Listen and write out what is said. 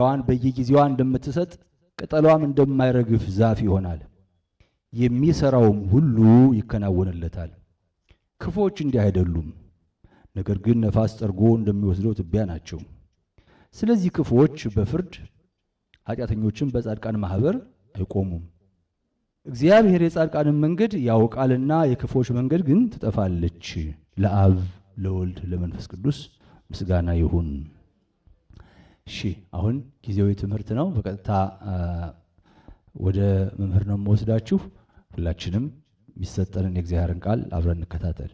ዋን በየጊዜዋ እንደምትሰጥ ቅጠሏም እንደማይረግፍ ዛፍ ይሆናል። የሚሰራውም ሁሉ ይከናወንለታል። ክፎች እንዲህ አይደሉም፣ ነገር ግን ነፋስ ጠርጎ እንደሚወስደው ትቢያ ናቸው። ስለዚህ ክፎች በፍርድ ኃጢአተኞችም በጻድቃን ማህበር አይቆሙም። እግዚአብሔር የጻድቃንን መንገድ ያውቃልና የክፎች መንገድ ግን ትጠፋለች። ለአብ ለወልድ ለመንፈስ ቅዱስ ምስጋና ይሁን። እሺ አሁን ጊዜያዊ ትምህርት ነው። በቀጥታ ወደ መምህር ነው የምወስዳችሁ። ሁላችንም የሚሰጠንን የእግዚአብሔርን ቃል አብረን እንከታተል።